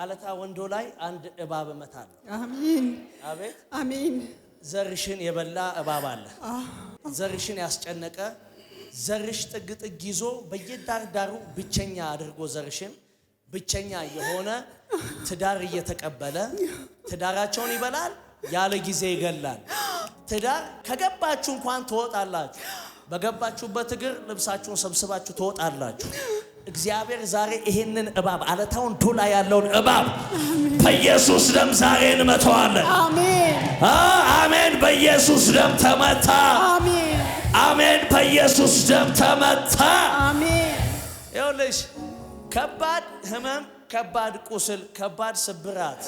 አለታ ወንዶ ላይ አንድ እባብ እመታለሁ። አሜን፣ አቤት፣ አሜን። ዘርሽን የበላ እባብ አለ። ዘርሽን ያስጨነቀ ዘርሽ ጥግ ጥግ ይዞ በየዳርዳሩ ብቸኛ አድርጎ ዘርሽን ብቸኛ የሆነ ትዳር እየተቀበለ ትዳራቸውን ይበላል። ያለ ጊዜ ይገላል። ትዳር ከገባችሁ እንኳን ትወጣላችሁ። በገባችሁበት እግር ልብሳችሁን ሰብስባችሁ ትወጣላችሁ። እግዚአብሔር ዛሬ ይህንን እባብ አለታውን ዱላ ያለውን እባብ በኢየሱስ ደም ዛሬ እንመተዋለን። አሜን። በኢየሱስ ደም ተመታ። አሜን። በኢየሱስ ደም ተመታ። ይኸውልሽ ከባድ ህመም፣ ከባድ ቁስል፣ ከባድ ስብራት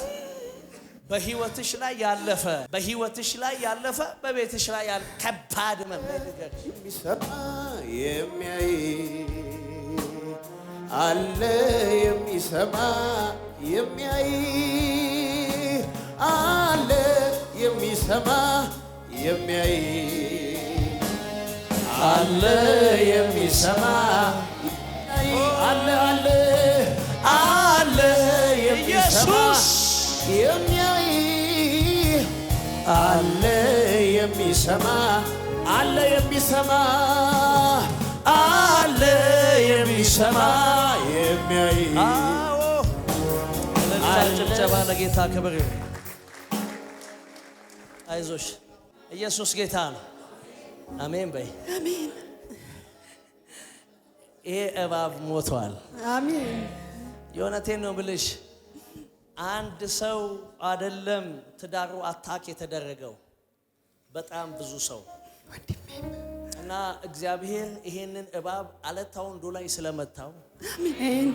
በህይወትሽ ላይ ያለፈ በህይወትሽ ላይ ያለፈ በቤትሽ ላይ ያለ ከባድ መመልከት የሚሰማ የሚያይ አለ የሚሰማ የሚያይ አለ የሚሰማ የሚያይ አለ የሚሰማ አለ አለ አለ የሚሰማ አለ የሚሰማ አለ የሚሰማ የሚያይ ጭብጨባ ለጌታ ክብር። አይዞሽ ኢየሱስ ጌታ ነው። አሜን በይ። ይሄ እባብ ሞቷል። አሜን። የእውነቴን ነው ብልሽ አንድ ሰው አይደለም ትዳሩ አታክ የተደረገው በጣም ብዙ ሰው እና እግዚአብሔር ይሄንን እባብ አለታ ወንዶ ላይ ስለመታው አሜን።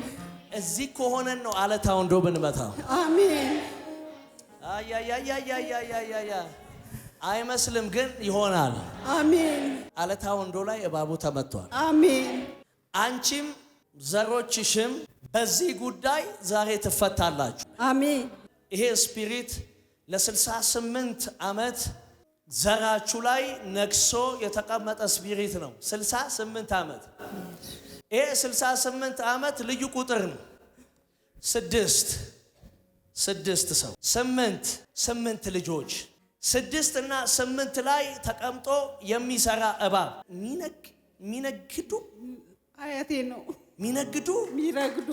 እዚህ ከሆነን ነው አለታ ወንዶ ብንመታው አሜን። አያያያያያያያ አይመስልም፣ ግን ይሆናል። አሜን። አለታ ወንዶ ላይ እባቡ ተመቷል። አሜን። አንቺም ዘሮችሽም በዚህ ጉዳይ ዛሬ ትፈታላችሁ። አሜን። ይሄ ስፒሪት ለ68 ዓመት ዘራችሁ ላይ ነግሶ የተቀመጠ ስፒሪት ነው። 68 ዓመት። ይሄ 68 ዓመት ልዩ ቁጥር ነው። ስድስት ስድስት ሰው ስምንት ስምንት ልጆች ስድስት እና ስምንት ላይ ተቀምጦ የሚሰራ እባብ ሚነግዱ አያቴ ነው። ሚነግዱ ሚረግዱ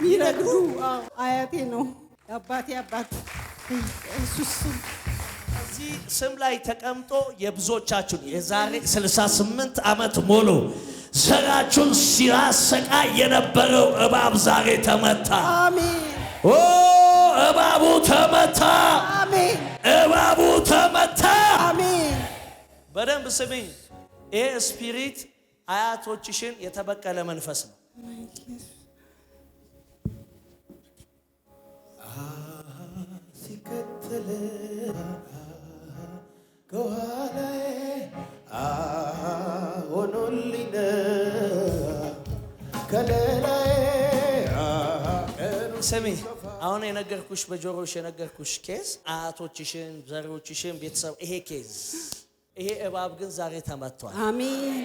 ሚረግዱ አያቴ ነው አባቴ አባት እሱስ እዚህ ስም ላይ ተቀምጦ የብዙዎቻችሁን የዛሬ 68 ዓመት ሙሉ ዘራችሁን ሲራሰቃ የነበረው እባብ ዛሬ ተመታ። እባቡ ተመታ። እባቡ ተመታ። በደንብ ስሚኝ። ይህ ስፒሪት አያቶችሽን የተበቀለ መንፈስ ነው። ስሚ አሁን የነገርኩሽ በጆሮሽ የነገርኩሽ ኬዝ አያቶችሽን፣ ዘሮችሽን፣ ቤተሰብ ይሄ ኬዝ ይሄ እባብ ግን ዛሬ ተመቷል። አሜን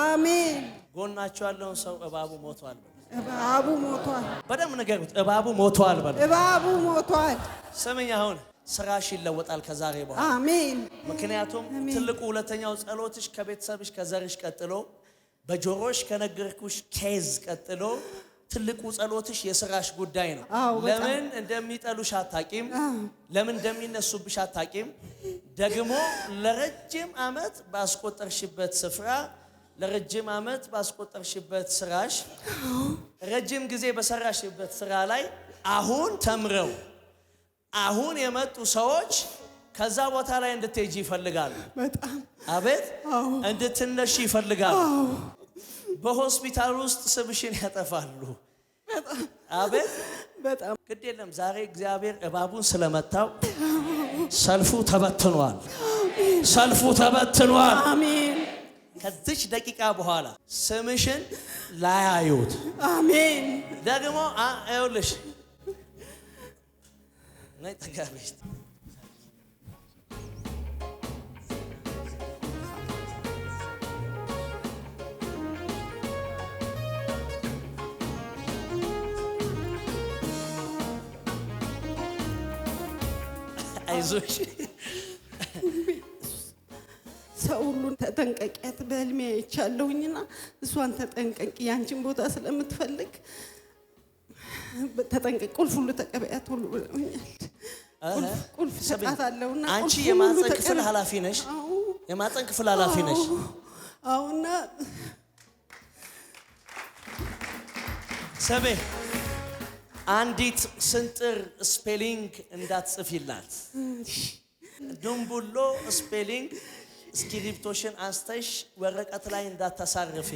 አሜን። ጎናቸው ያለውን ሰው እባቡ ሞቷል፣ እባቡ ሞቷል። በደንብ ንገሩት፣ እባቡ ሞቷል፣ እባቡ ሞቷል። ስምኝ፣ አሁን ስራሽ ይለወጣል ከዛሬ በኋላ አሜን። ምክንያቱም ትልቁ ሁለተኛው ጸሎትሽ ከቤተሰብሽ ከዘርሽ ቀጥሎ በጆሮሽ ከነገርኩሽ ኬዝ ቀጥሎ ትልቁ ጸሎትሽ የስራሽ ጉዳይ ነው። ለምን እንደሚጠሉሽ አታቂም። ለምን እንደሚነሱብሽ አታቂም። ደግሞ ለረጅም ዓመት ባስቆጠርሽበት ስፍራ ለረጅም ዓመት ባስቆጠርሽበት ስራሽ ረጅም ጊዜ በሰራሽበት ስራ ላይ አሁን ተምረው አሁን የመጡ ሰዎች ከዛ ቦታ ላይ እንድትሄጂ ይፈልጋሉ። አቤት እንድትነሺ ይፈልጋሉ። በሆስፒታል ውስጥ ስምሽን ያጠፋሉ። አቤት በጣም ግድ የለም። ዛሬ እግዚአብሔር እባቡን ስለመታው ሰልፉ ተበትኗል። ሰልፉ ተበትኗል። አሜን። ከዚች ደቂቃ በኋላ ስምሽን ላያዩት። አሜን። ደግሞ ይኸውልሽ አይዞሽ። ሰው ሁሉን ተጠንቀቂያት በህልሜ አይቻለሁኝና እሷን ተጠንቀቂ፣ ያንቺን ቦታ ስለምትፈልግ ተጠንቀቂ፣ ቁልፍ ሁሉ ተቀበያት ሁሉ ብለውኛል። ቁልፍ ስጣት አንቺ የማህፀን ክፍል ኃላፊ ነሽ፣ የማህፀን ክፍል ኃላፊ ነሽ። አሁና ሰቤ አንዲት ስንጥር ስፔሊንግ እንዳትጽፊላት። ድንቡሎ ስፔሊንግ እስክሪብቶሽን አንስተሽ ወረቀት ላይ እንዳታሳርፊ።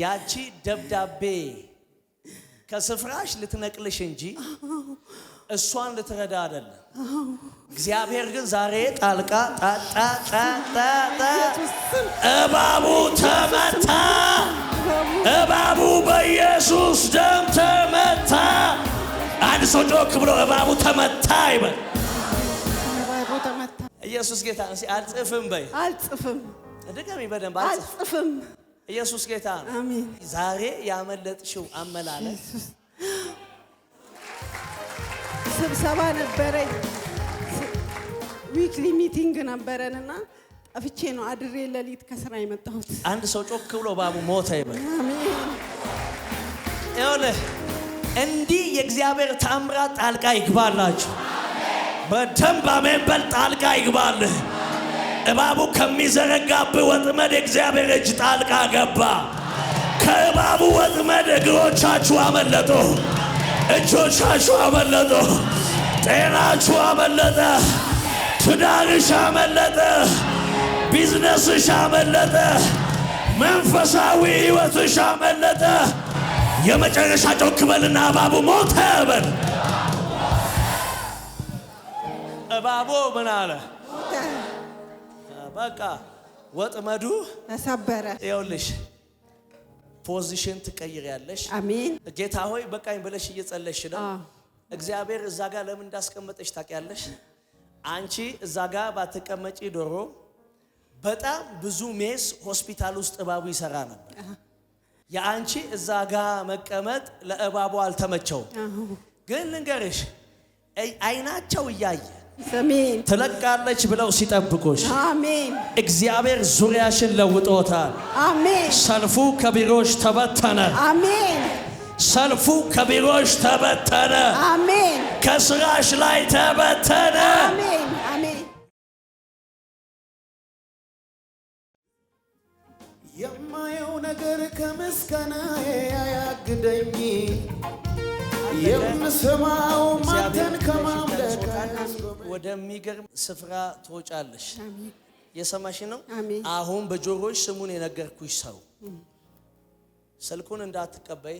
ያቺ ደብዳቤ ከስፍራሽ ልትነቅልሽ እንጂ እሷን ልትረዳ አይደለም። እግዚአብሔር ግን ዛሬ ጣልቃ እባቡ ተመታ፣ እባቡ በኢየሱስ ደም ተመታ። አንድ ሰው ጮክ ብሎ እባቡ ተመታ ይበል። ኢየሱስ ጌታ ነው። አልጽፍም በይ፣ አልጽፍም። ድገሚ በደንብ አልጽፍም። ኢየሱስ ጌታ ነው። ዛሬ ያመለጥሽው አመላለስ ስብሰባ ነበረኝ፣ ዊክሊ ሚቲንግ ነበረን እና ጠፍቼ ነው አድሬ ለሊት ከስራ የመጣሁት። አንድ ሰው ጮክ ብሎ ባቡ ሞተ ይበል። እንዲህ የእግዚአብሔር ታምራ ጣልቃ ይግባላችሁ። በደንብ አሜን በል። ጣልቃ ይግባልህ። እባቡ ከሚዘረጋብህ ወጥመድ የእግዚአብሔር እጅ ጣልቃ ገባ። ከእባቡ ወጥመድ እግሮቻችሁ አመለጡ። እጆቻችሁ አመለጡ። ጤናችሁ አመለጠ። ትዳርሽ አመለጠ። ቢዝነስሽ አመለጠ። መንፈሳዊ ሕይወትሽ አመለጠ። የመጨረሻ ጮክ በልና እባቡ ሞተ በል። እባቡ ምን አለ? በቃ ወጥመዱ ሰበረ። ይኸውልሽ ፖዚሽን ትቀይር ያለሽ። አሜን። ጌታ ሆይ በቃኝ ብለሽ እየጸለሽ ነው። እግዚአብሔር እዛ ጋር ለምን እንዳስቀመጠሽ ታውቂያለሽ። አንቺ እዛ ጋር ባትቀመጪ ዶሮ በጣም ብዙ ሜስ ሆስፒታል ውስጥ እባቡ ይሰራ ነበር። የአንቺ እዛ ጋ መቀመጥ ለእባቡ አልተመቸው ግን ልንገርሽ አይናቸው እያየ ትለቃለች ብለው ሲጠብቁሽ እግዚአብሔር ዙሪያሽን ለውጦታል። ሰልፉ ከቢሮሽ ተበተነ። ሰልፉ ከቢሮሽ ተበተነ። ከስራሽ ላይ ተበተነ። የማየው ነገር ከምስጋናዬ አያግደኝ የምሰማው ማተን ከማ ወደሚገርም ስፍራ ትወጫለሽ። የሰማሽ ነው። አሁን በጆሮች ስሙን የነገርኩሽ ሰው ስልኩን እንዳትቀበይ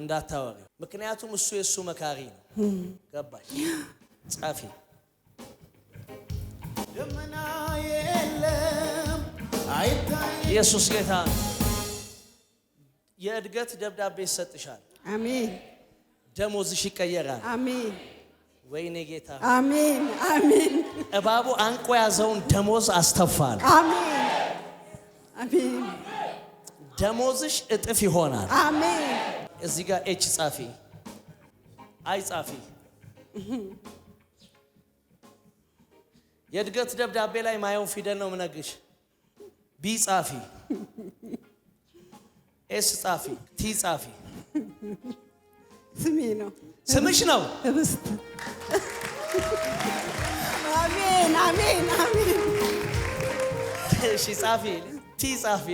እንዳታወሪ፣ ምክንያቱም እሱ የእሱ መካሪ ነው። ገባሽ? ጻፊ ደመና የለም አይታይ። ኢየሱስ ጌታ የእድገት ደብዳቤ ይሰጥሻል። አሜን። ደሞዝሽ ይቀየራል። አሜን። ወይኔ ጌታ አሜን አሜን። እባቡ አንቆ ያዘውን ደሞዝ አስተፋል። አሜን አሜን። ደሞዝሽ እጥፍ ይሆናል። አሜን። እዚህ ጋር ኤች ጻፊ አይ ጻፊ የእድገት ደብዳቤ ላይ ማየው ፊደል ነው ምነግሽ። ቢ ጻፊ፣ ኤስ ጻፊ፣ ቲ ጻፊ። ስሜ ነው። ስምሽ ነው። ህብስት አሜን አሜን አሜን። እሺ ጻፊ ቲ ጻፊ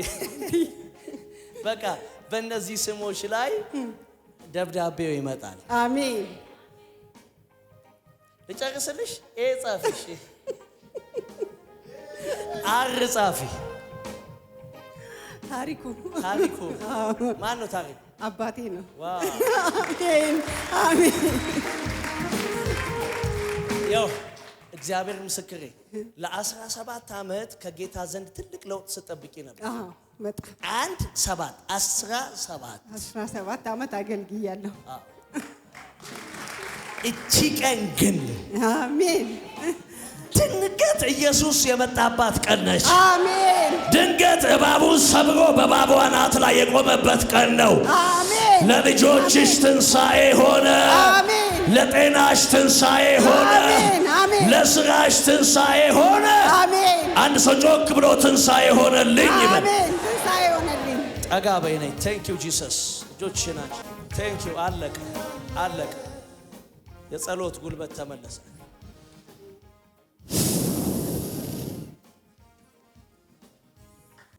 በቃ በእነዚህ ስሞች ላይ ደብዳቤው ይመጣል። አሜን ልጨርስልሽ። ኤ ጻፊ፣ አር ጻፊ። ታሪኩ ታሪኩ ማን ነው? ታሪኩ አባቴ ነው። አሜን አሜን ያው እግዚአብሔር ምስክሬ ለአስራ ሰባት ዓመት ከጌታ ዘንድ ትልቅ ለውጥ ስጠብቂ ነበር። አንድ ሰባት አስራ ሰባት አስራ ሰባት ዓመት አገልግያለሁ። እቺ ቀን ግን አሜን ድንገት ኢየሱስ የመጣባት ቀን ነች። አሜን። ድንገት እባቡን ሰብሮ በእባቧ አናት ላይ የቆመበት ቀን ነው። ለልጆችሽ ትንሣኤ ሆነ። አሜን። ለጤናሽ ትንሣኤ ሆነ፣ ለስራሽ ትንሣኤ ሆነ። አንድ ሰው ጮክ ብሎ ትንሣኤ ሆነልኝ ይበል። ጠጋ በይ ነኝ። ቴንክ ዩ ጂሰስ። እጆች ናቸው። ቴንክ ዩ። አለቀ፣ አለቀ። የጸሎት ጉልበት ተመለሰ።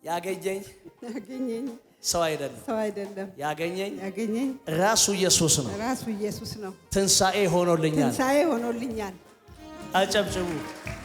ያገኘኝ ያገኘኝ ሰው አይደለም፣ ሰው አይደለም። ያገኘኝ ያገኘኝ ራሱ ኢየሱስ ነው፣ ራሱ ኢየሱስ ነው። ትንሳኤ ሆኖልኛል፣ ትንሳኤ ሆኖልኛል። አጨብጭቡ።